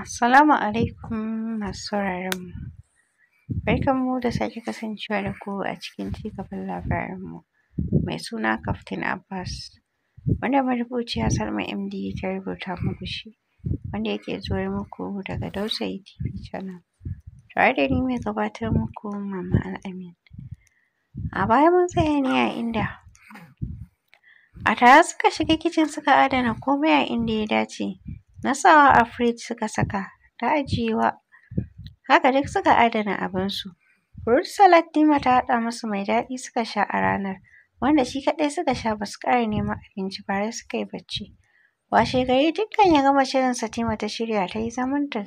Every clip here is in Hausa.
Assalamu alaikum masu sauraron mu. Barkan mu da sake kasancewa da ku a cikin cigaban labarin mu mai suna Captain Abbas. Wanda marubuciya Salma MD ta rubuta muku shi wanda yake zuwa muku daga Dausayi TV Channel. Tare da ni mai gabatar muku Mama Al'amin. A baya mun tsaya ne a inda a tare suka shiga kicin suka adana komai a inda ya dace. na sawa a firij suka saka ta ajiyewa haka duk suka adana su. fruit salad Dima ta haɗa musu mai daɗi suka sha a ranar wanda shi kaɗai suka sha basu ƙara neman abinci ba har suka yi bacci washe gari dukkan ya gama shirinsa Dima ta shirya ta yi zaman ta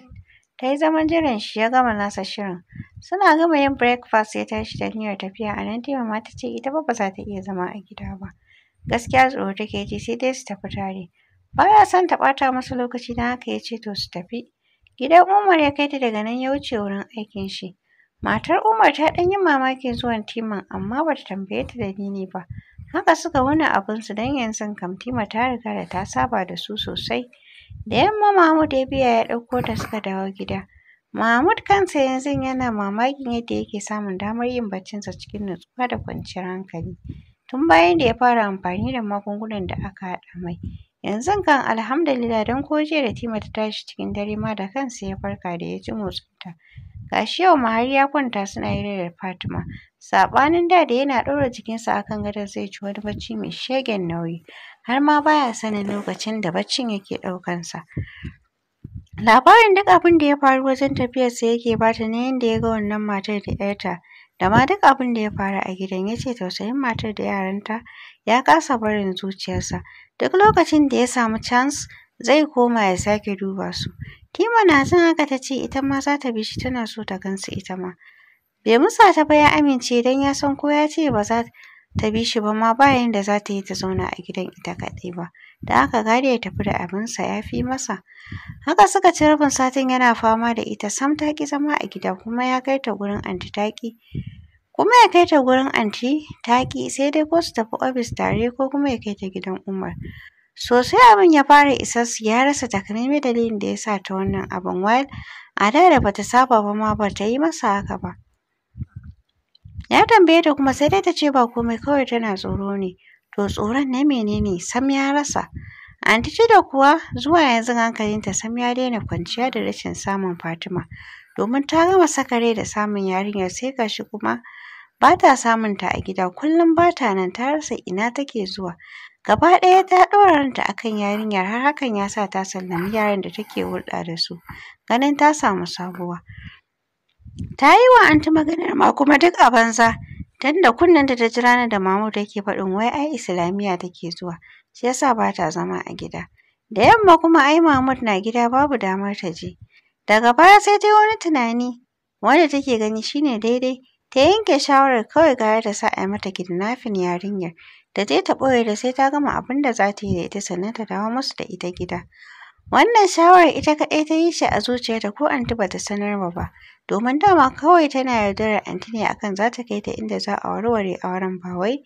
ta zaman jiran shi ya gama nasa shirin suna gama yin breakfast ya tashi da niyyar tafiya a nan Dima ma ta ce ita fa ba za ta iya zama a gida ba gaskiya tsoro take ji sai dai su tafi tare Ba ya son ta ɓata masa lokaci don haka ya ce to su tafi. Gidan Umar ya kai ta daga nan ya wuce wurin aikin shi. Matar Umar ta ɗan yi mamakin zuwan Timan amma ba ta tambaye ta dalili ba. Haka suka wuni abinsu don yanzu kamtima ta riga da ta saba da su sosai. Da yamma Mahmud ya biya ya ɗauko ta suka dawo gida. Mahmud kansa yanzu yana mamakin yadda yake samun damar yin baccinsa cikin nutsuwa da kwanciyar hankali. Tun bayan da ya fara amfani da magungunan da aka haɗa mai. Yanzu kan alhamdulillah don ko jiya da Tima ta tashi cikin dare ma da kansa ya farka da ya ji motsinta. ta. Gashi yau ma har ya kwanta suna yi da Fatima. Saɓanin da da yana ɗora jikinsa akan gadon zai ci wani bacci mai shegen nauyi. Har ma baya sanin lokacin da baccin yake ɗaukansa. Labarin duk abin da ya faru wajen tafiyarsa yake ba ta na yadda ya ga wannan matar da ‘yarta da ma duk abin da ya faru a gidan ya ce tausayin matar da yaranta ya kasa barin zuciyarsa. Duk lokacin da ya samu chance zai koma ya sake duba su. Tima na jin haka ta ce ita ma za ta bi shi tana so ta gansu ita ma. Bai musa ba ya amince don ya san ko ya ce ba za ta bi shi ba ma ba da za ta yi ta zauna a gidan ita kaɗai ba. Da aka gari ya tafi da abinsa ya fi masa. Haka suka ci rabin satin yana fama da ita sam ta ki zama a gida kuma ya kai ta gurin anti ta ƙi. kuma ya kai ta gurin anti ta ƙi sai dai ko su tafi ofis tare ko kuma ya kai ta gidan Umar. Sosai abin ya fara su ya rasa takamaimai dalilin da ya sa ta wannan abin while a da da bata saba ba ma bata yi masa haka ba. Ya tambaye ta kuma sai dai ta ce ba komai kawai tana tsoro ne. To tsoron na menene sam ya rasa. Anti da kuwa zuwa yanzu hankalinta sam ya daina kwanciya da rashin samun Fatima. Domin ta gama sakare da samun yarinyar sai gashi kuma ba ta samun ta a gida kullum ba ta nan ta rasa ina take zuwa gaba ɗaya ta ɗora ranta kan yarinyar har hakan ya sa ta sallami yaran da take hulɗa da su ganin ta samu sabuwa ta yi wa anti maganar ma kuma duk a banza dan da kunnen da ta ji ranar da mamu yake faɗin wai ai islamiyya take zuwa shi yasa ba ta zama a gida da yamma kuma ai mahmud na gida babu damar ta je daga baya sai ta yi wani tunani wanda take gani shine daidai ta yanke shawarar kawai gara da sa ayi mata kidnapping yarinyar Da je ta ɓoye da sai ta gama abin da za ta yi da ita sannan ta dawo musu da ita gida. Wannan shawarar ita kaɗai ta yi shi a zuciyarta ko anti bata sanar ma ba domin dama kawai tana yaudarar anti ne akan za ta kai ta inda za a warware auren ba wai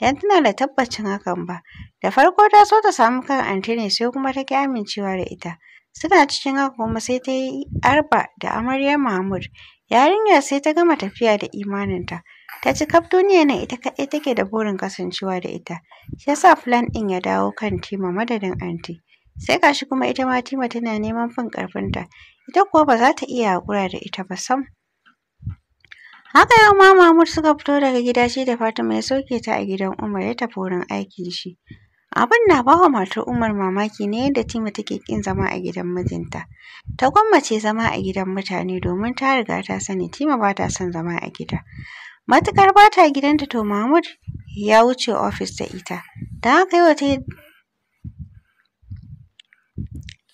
dan tana da tabbacin hakan ba. Da farko ta so ta samu kan anti ne sai kuma ta ƙi amincewa da ita. Suna cikin haka kuma sai ta yi arba da amaryar Mahmud Yarinya sai ta gama tafiya da imaninta, ta ji kaf duniyar na ita kaɗai take da burin kasancewa da ita, shi ya sa plan ɗin ya dawo kan Tima madadin anti. Sai ga shi kuma ita ma Tima tana neman fin ƙarfinta, ita kuwa ba za ta iya haƙura da ita ba sam. Haka yau ma Mahmud suka fito daga gida shi da Fatima ya sauke ta a gidan Umar ya tafi wurin aikin shi. Abin na bawa matar Umar mamaki ne yadda Tima take ƙin zama a gidan mijinta. Ta gwammace zama a gidan mutane domin ta riga ta sani Tima ba ta son zama a gida. Matuƙar ba ta gidanta to Mahmud ya wuce ofis da ita. Don haka yau ta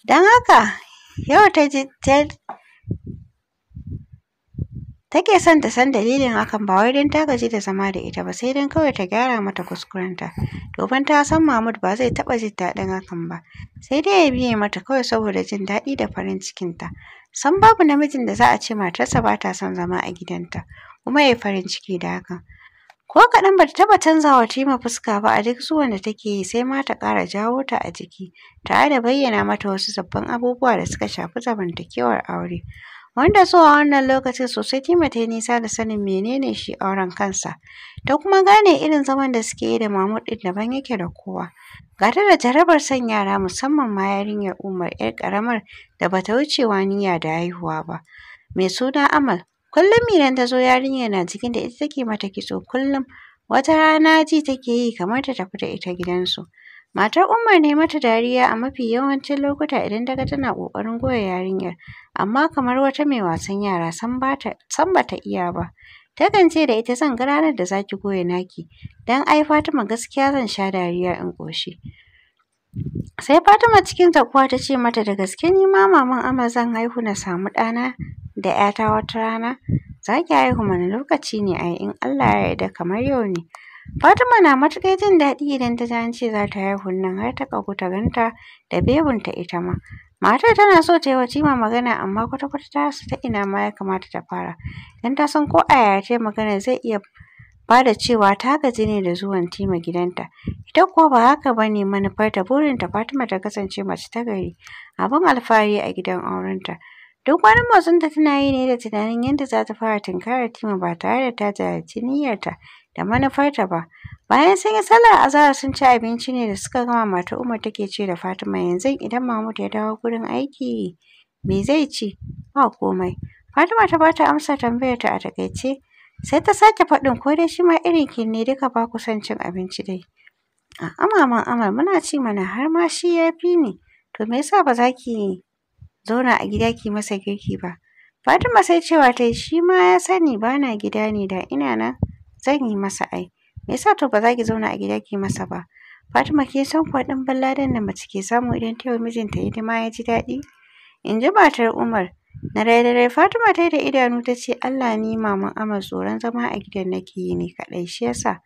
Don haka yau ta je ta Take son ta san dalilin hakan ba wai don ta gaji da zama da ita ba sai don kawai ta gyara mata kuskurenta. Domin ta san Mahmud ba zai taɓa jin daɗin hakan ba. Sai dai ya biye mata kawai saboda jin daɗi da farin ta san babu namijin da za a ce matarsa ba ta son zama a gidanta kuma ya yi farin ciki da hakan. Ko kaɗan ba ta taɓa canza wa Tima fuska ba a duk zuwan da take yi sai ma ta ƙara jawo ta a jiki tare da bayyana mata wasu sabbin abubuwa da suka shafi zamantakewar aure. wanda zuwa wannan lokacin sosai timata ta nisa da sanin menene shi auren kansa, ta kuma gane irin zaman da suke yi da Mahmud ɗin daban yake da kowa. Ga da jarabar san yara musamman ma yarinyar Umar 'yar karamar da bata wuce niyya da haihuwa ba, mai suna Amal. Kullum idan ta zo yarinyar na cikin da ita take mata kitso kullum, wata rana ji take yi kamar ta tafi da ita gidansu. Matar Umar ne mata dariya a mafi yawancin lokuta idan ta ga tana ƙoƙarin goya yarinyar, amma kamar wata mai wasan yara sam ba ta iya ba. Takan ce da ita zan ga ranar da za ki goya naki, don ai Fatima gaskiya zan sha dariya in ƙoshi. Sai Fatima cikin takuwa ta ce mata da gaske ni ma maman amar zan haihu na samu ɗana da 'yata wata rana. Za ki haihu mana lokaci ne ai in Allah ya yarda kamar yau ne. Fatima na matuƙar jin daɗi idan ta ji an ce za ta haihu nan har ta ƙagu ta ganta da bebinta ita ma. Matar tana so ta yi wa Cima magana amma kwata-kwata ta rasa ta ina ma ya kamata ta fara. Don ta san ko a yaya ta yi magana zai iya ba da cewa ta gaji ne da zuwan Tima gidanta. Ita kuwa ba haka ba ne manufarta burinta Fatima ta kasance mace ta gari, abin alfahari a gidan aurenta. Duk wani motsinta tana yi ne da tunanin yadda za ta fara tunkarar Tima ba tare da ta jajirce niyyarta da manufarta ba. Bayan sun yi sallar azahar sun ci abinci ne da suka gama mata Umar take ce da Fatima yanzu idan Mahmud ya dawo gurin aiki me zai ci? Ba komai. Fatima ta bata amsa tambayar ta a takaice sai ta sake faɗin ko dai shi ma irin kin ne duka ba ku son cin abinci dai. A'a amaman Amal muna ci mana har ma shi ya fi ni to me yasa ba za ki zauna a gida ki masa girki ba. Fatima sai cewa ta yi shi ma ya sani ba na gida ne da ina nan. zan yi masa ai me yasa to ba za ki zauna a gida ki masa ba Fatima ke san kuwa ɗin balladan da mace ke samu idan ta yi mijinta ma ya ji daɗi in ji matar Umar na rai Fatima ta yi da idanu ta ce Allah ni maman Amar tsoron zama a gidan nake yi ne kaɗai shi yasa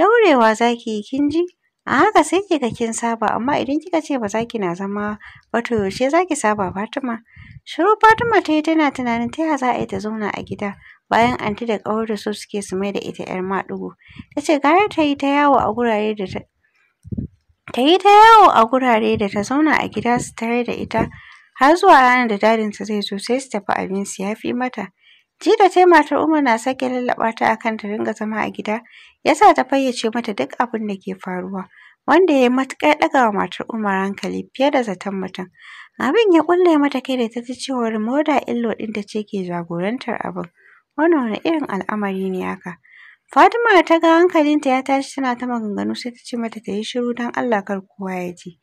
daurewa za ki yi kin ji a haka sai kika kin saba amma idan kika ce ba za ki na zama ba to yaushe za ki saba Fatima shiru Fatima ta yi tana tunanin ta za a yi ta zauna a gida bayan anti da da su suke su mai da ita 'yar maɗigo. tace ce gara ta yi ta yawo a gurare da ta ta ta yawo a gurare da ta zauna a gida su tare da ita har zuwa ranar da dadinsa zai zo sai su tafi abin su yafi mata. Ji da tai matar Umar na sake lallaɓa ta akan ta dinga zama a gida, yasa ta fayyace mata duk abin da ke faruwa, wanda ya yi matuƙar ɗaga wa matar Umar hankali fiye da zaton mutum. Abin ya ƙulle mata kai da ta ji cewar Moda Illo ɗinta ce ke jagorantar abin. Wannan wane irin al'amari ne haka? Fatima ta ga hankalinta ya tashi tana ta maganganu sai ta ce mata ta yi shiru don Allah kar kowa ya ji.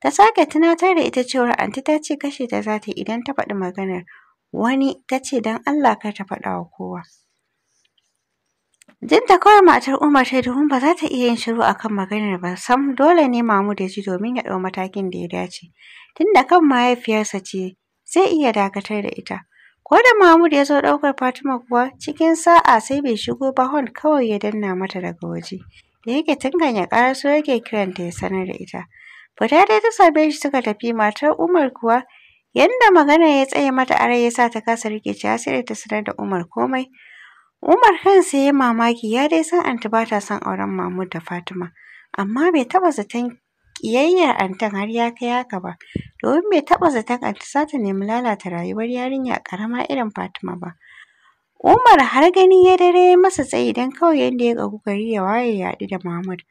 Ta sake tunatar da ita cewar anti ta ce kashe ta za ta yi idan ta faɗi maganar wani ta ce don Allah kar ta faɗa wa kowa. Jinta kawai matar Umar ta domin ba za ta iya yin shiru akan maganar ba sam dole ne Mahmud ya ji domin ya ɗau matakin da ya dace. Tunda kan mahaifiyarsa ce zai iya dakatar da ita. Ko da Mahmud ya zo ɗaukar Fatima kuwa cikin sa'a sai bai shigo ba hon kawai ya danna mata daga waje. Da yake tunganya ya so yake kiranta ya sanar da ita. Fita dai ta same shi suka tafi matar Umar kuwa yanda magana ya tsaye mata arai ya sa ta kasa rike ci har sai ta sanar da Umar komai. Umar kansa ya mamaki ya dai san anti ba ta son auren Mahmud da Fatima amma bai taɓa zaton ƙiyayyar antan har ya kai haka ba domin bai taɓa zaton anti za ta nemi lalata rayuwar yarinya ƙarama irin Fatima ba. Umar har gani ya dare ya masa tsayi don kawai yadda ya ƙagu gari ya waye ya haɗu da Mahmud.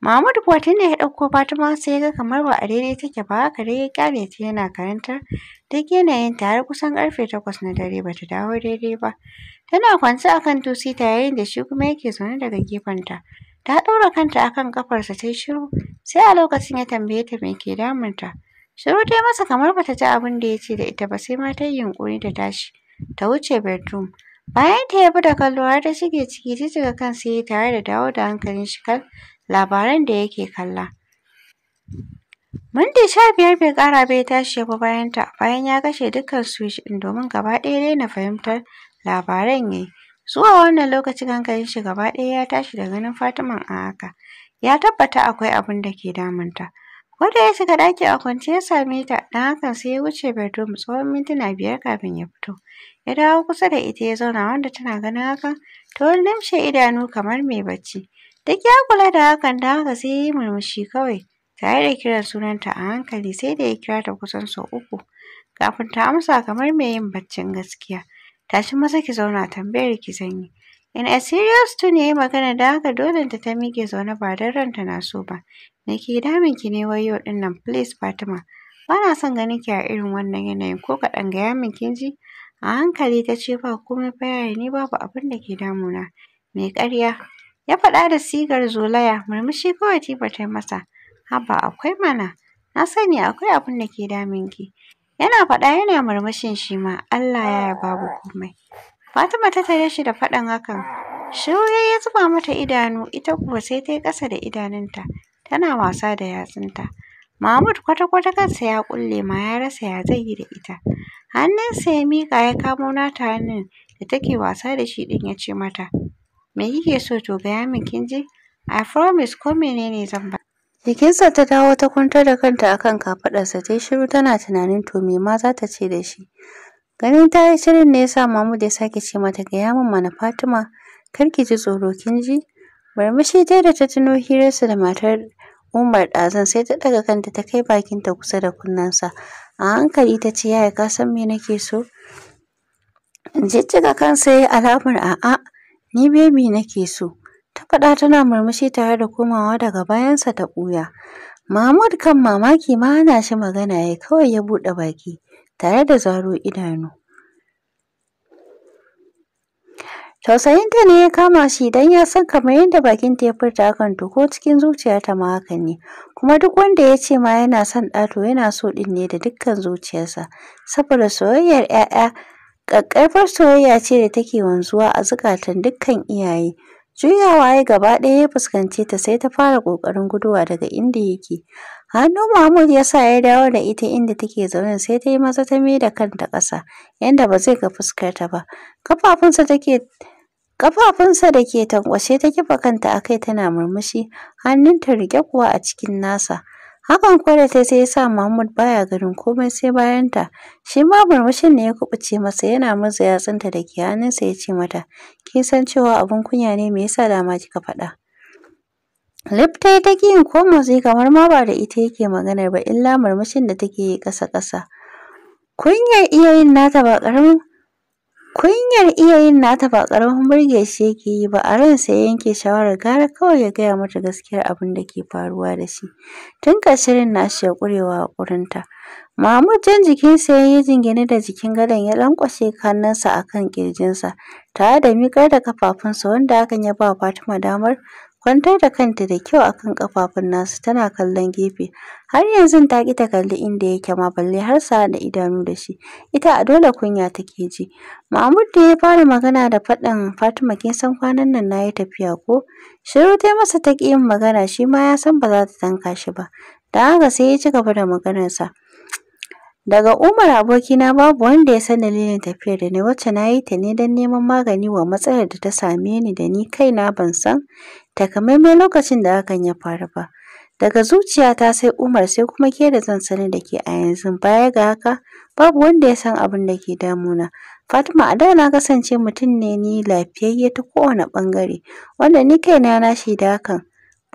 Mahmud kuwa tunda ya ɗauko Fatima sai ya ga kamar ba a daidai take ba haka dai ya ƙyale ta yana karantar duk yanayin ta har kusan ƙarfe takwas na dare ba ta dawo daidai ba. Tana kwance a kan tusita yayin da shi kuma yake zaune daga gefenta. Ta ɗora kanta akan ƙafarsa ta yi shiru, sai a lokacin ya tambaye ta me ke damun ta. Shiru ta masa kamar bata ji abin da ya ce da ita ba sai ma ta yi yunƙuri ta tashi, ta wuce bedroom. Bayan ta ya bi da kallo har ta shige ciki jijjiga kansa ya tare da dawo da hankalin shi kan labaran da yake kalla. Minti sha biyar bai ƙara bai tashi ya bi bayanta bayan ya kashe dukkan switch ɗin domin gaba ɗaya daina fahimtar labaran yayi Zuwa wannan lokacin hankalin shi gaba ɗaya ya tashi da ganin Fatima a haka. Ya tabbata akwai abin da ke damunta. Wanda ya shiga ɗaki a kwance ya same ta, Dan hakan sai ya wuce bedroom tsawon mintuna biyar kafin ya fito. Ya dawo kusa da ita ya zauna wanda tana ganin hakan ta wani idanu kamar mai bacci. Duk ya kula da hakan don haka sai ya yi murmushi kawai tare da kiran sunanta a hankali sai da ya kira ta kusan sau uku kafin ta amsa kamar mai yin baccin gaskiya. tashi maza ki zauna tambayar ki zan In a serious to ya magana da haka dole ta ta miƙe zaune ba don ranta na so ba. Me ke damun ki ne wayo ɗinnan, ɗin nan please Fatima? Ba na son ganin ki a irin wannan yanayin ko kaɗan gaya min kin ji? A hankali ta ce ba komai fa yaya ni babu abin da ke damuna. Me ƙarya? Ya faɗa da sigar zolaya murmushi kawai Tifa ta yi masa. Haba akwai mana. Na sani akwai abin da ke damun ki. Yana faɗa yana murmushin shi ma Allah ya ya babu komai. Fatima ta tare shi da faɗan hakan. Shiru ya zuba mata idanu ita kuwa sai ta yi ƙasa da idanunta tana wasa da yatsunta. Mahmud kwata-kwata kansa ya ƙulle ma ya rasa ya zai yi da ita. Hannunsa ya miƙa ya kamo nata hannun da take wasa da shi ɗin ya ce mata, me kike so to gaya min kin ji? I promise ko menene zan ba Jikinsa ta dawo ta kwantar da kanta akan kafaɗarsa ta yi shiru tana tunanin to me ma za ta ce da shi. Ganin ta yi shirin ne ya sa Mahmud ya sake ce mata gaya min mana Fatima kar ki ji tsoro kin ji. Murmushi ta da ta tuno hirarsa da matar Umar Ɗazan, sai ta ɗaga kanta ta kai bakinta kusa da kunnensa. A hankali ta ce yaya ka san me nake so? Jijjiga kansa ya yi alamar a'a ni bebi nake so. ta faɗa tana murmushi tare da komawa daga bayansa ta ɓuya. Mahmud kan mamaki ma ana shi magana ya kawai ya buɗe baki tare da zaro idanu. Tausayinta ne ya kama shi don ya san kamar yadda bakin ta ya furta hakan to ko cikin zuciya ta ma haka ne. Kuma duk wanda ya ce ma yana son ɗato yana so ɗin ne da dukkan zuciyarsa. Saboda soyayyar ‘ya'ya ƙaƙƙarfar soyayya ce da take wanzuwa a zukatan dukkan iyaye. Juyawa ya gaba ɗaya ya fuskance ta sai ta fara ƙoƙarin guduwa daga inda yake. Hannu Mahmud ya sa ya dawo da ita inda take zaune sai ta yi maza ta da kanta ƙasa yadda ba zai ga ta ba. Kafafunsa take Ƙafafunsa da ke tankwashe ta kifa kanta a kai tana murmushi, hannunta riƙe kuwa a cikin nasa. Hakan ko ta sai ya sa Mahmud baya ganin komai sai bayanta. Shi ma murmushin ne ya kubuce masa yana murza yatsunta da ke hannunsa ya ce mata, "Kin san cewa abun kunya ne me yasa dama kika faɗa?" Lifta ta ƙi yin ko sai kamar ma ba da ita yake maganar ba illa murmushin da take yi ƙasa-ƙasa. Kunyar iya yin nata ba ƙaramin Kunyar iyayen nata ba ƙaramin burge shi yake yi ba, a ransa ya yanke shawarar gara kawai ya gaya mata gaskiyar abin da ke faruwa da shi, tun kashirin na nashi ya ƙurewa haƙurinta. Mahmud jan jikinsa ya yi jingine da jikin gadon ya lanƙwashe hannunsa a kan ƙirjinsa, tare da miƙar da kafafunsa, wanda hakan ya ba Fatima damar kwantar da kanta da kyau akan kafafun nasu tana kallon gefe har yanzu ta ki ta kalli inda yake ma balle har sa da idanu da shi ita a dole kunya take ji Mahmud da ya fara magana da faɗan, Fatima kin san kwanan nan nayi tafiya ko shiru ta masa ta kiyin yin magana shi ma ya san ba za ta tanka shi ba da haka sai ya ci gaba da maganarsa Daga Umar abokina babu wanda ya san dalilin tafiyar da ni wacce na yi ta ne dan neman magani wa matsalar da ta same ni da ni kaina ban san takamaiman lokacin da hakan ya faru ba. Daga zuciyata sai Umar sai kuma ke da zan sani da ke a yanzu baya ga haka babu wanda ya san abin da ke damuna. Fatima a da na kasance mutum ne ni lafiyayye ta kowane bangare wanda ni kaina na da hakan.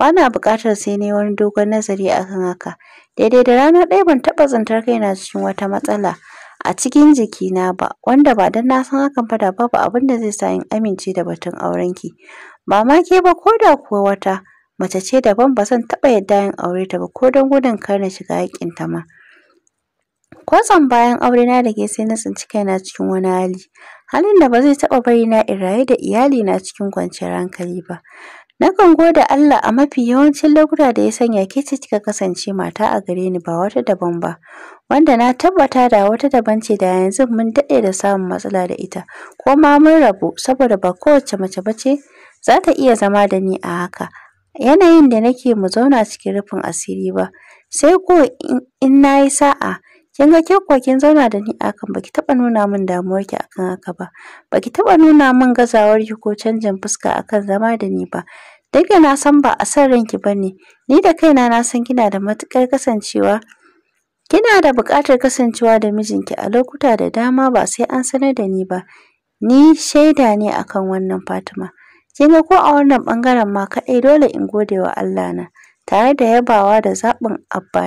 Ba na buƙatar sai na wani dogon nazari akan haka. Daidai da rana ɗaya ban taɓa zantar kaina cikin wata matsala a cikin jikina ba wanda ba don na san hakan ba da babu abin da zai sa in amince da batun aurenki. ba ke ba ko da kuwa wata mace ce daban ba zan taɓa yadda in aure ta ba ko don gudun kar na shiga ta ma. Kwatsam bayan na da ke sai na tsinci kaina cikin wani hali, halin da ba zai taɓa bari na in rayu da iyali na cikin kwanciyar hankali ba. Nakan gode Allah a mafi yawancin lokuta da ya sanya ke ce kika kasance mata a gare ni ba wata daban ba, wanda na tabbata da wata daban ce da yanzu mun daɗe da samun matsala da ita, ko ma mun rabu saboda ba kowace mace ba ce za ta iya zama da ni a haka yanayin da nake mu zauna cikin rufin asiri ba sai ko in na yi sa'a kin ga ke ko kin zauna da ni a kan baki taba nuna min damuwarki akan haka ba baki taba nuna min gazawar ki ko canjin fuska akan zama da ni ba duk da na san ba a san ranki ba ne ni da kaina na san kina da matukar kasancewa kina da buƙatar kasancewa da mijinki a lokuta da dama ba sai an sanar da ni ba ni shaida ne akan wannan Fatima Kin ga ko a wannan bangaren ma kaɗai dole in gode wa Allah na tare da yabawa da zaɓin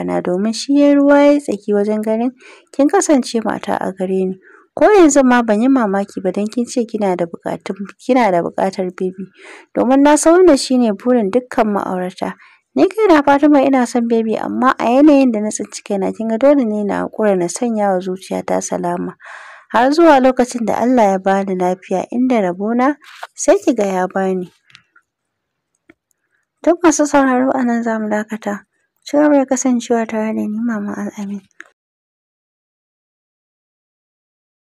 na domin shi ya ruwa ya yi tsaki wajen ganin kin kasance mata a gare ni. Ko yanzu ma ban yi mamaki ba don kin ce kina da buƙatun kina da buƙatar baby domin na san wannan shine burin dukkan ma'aurata. Ni kai na Fatima ina son baby amma a yanayin da na tsinci kaina kin ga dole ne na haƙura na sanya wa zuciyata salama. har zuwa lokacin da Allah ya bani lafiya inda rabona sai ki ga ya bani. Duk masu sauraro a nan za mu dakata. Ci kasancewa tare da ni Maman Al'amin.